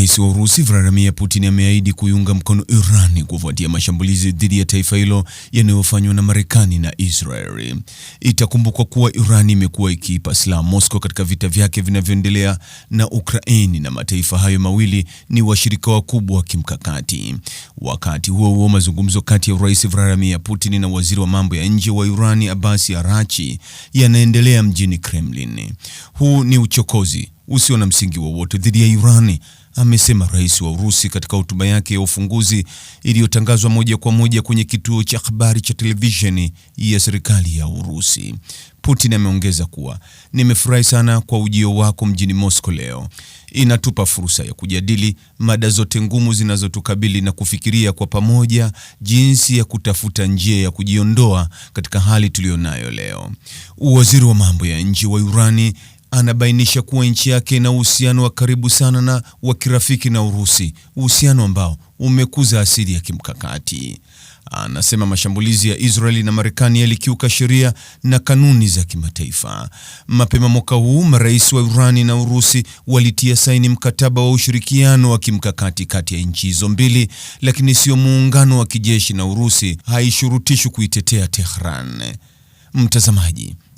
Rais wa Urusi Vladimir Putin ameahidi kuiunga mkono Iran kufuatia mashambulizi dhidi ya taifa hilo yanayofanywa na Marekani na Israeli. Itakumbukwa kuwa Iran imekuwa ikiipa silaha Moscow katika vita vyake vinavyoendelea na Ukraini, na mataifa hayo mawili ni washirika wakubwa wa kimkakati. Wakati huo huo, mazungumzo kati ya Rais Vladimir Putin na waziri wa mambo ya nje wa Iran Abbas Arachi yanaendelea mjini Kremlin. Huu ni uchokozi usio na msingi wowote dhidi ya Iran, amesema rais wa Urusi katika hotuba yake ya ufunguzi iliyotangazwa moja kwa moja kwenye kituo cha habari cha televisheni ya serikali ya Urusi. Putin ameongeza kuwa, nimefurahi sana kwa ujio wako mjini Moscow leo. Inatupa fursa ya kujadili mada zote ngumu zinazotukabili na kufikiria kwa pamoja jinsi ya kutafuta njia ya kujiondoa katika hali tuliyonayo leo. Waziri wa mambo ya nje wa Irani anabainisha kuwa nchi yake ina uhusiano wa karibu sana na wa kirafiki na Urusi, uhusiano ambao umekuza asili ya kimkakati. Anasema mashambulizi ya Israeli na Marekani yalikiuka sheria na kanuni za kimataifa. Mapema mwaka huu, marais wa Irani na Urusi walitia saini mkataba wa ushirikiano wa kimkakati kati ya nchi hizo mbili, lakini sio muungano wa kijeshi, na Urusi haishurutishwi kuitetea Tehran. Mtazamaji,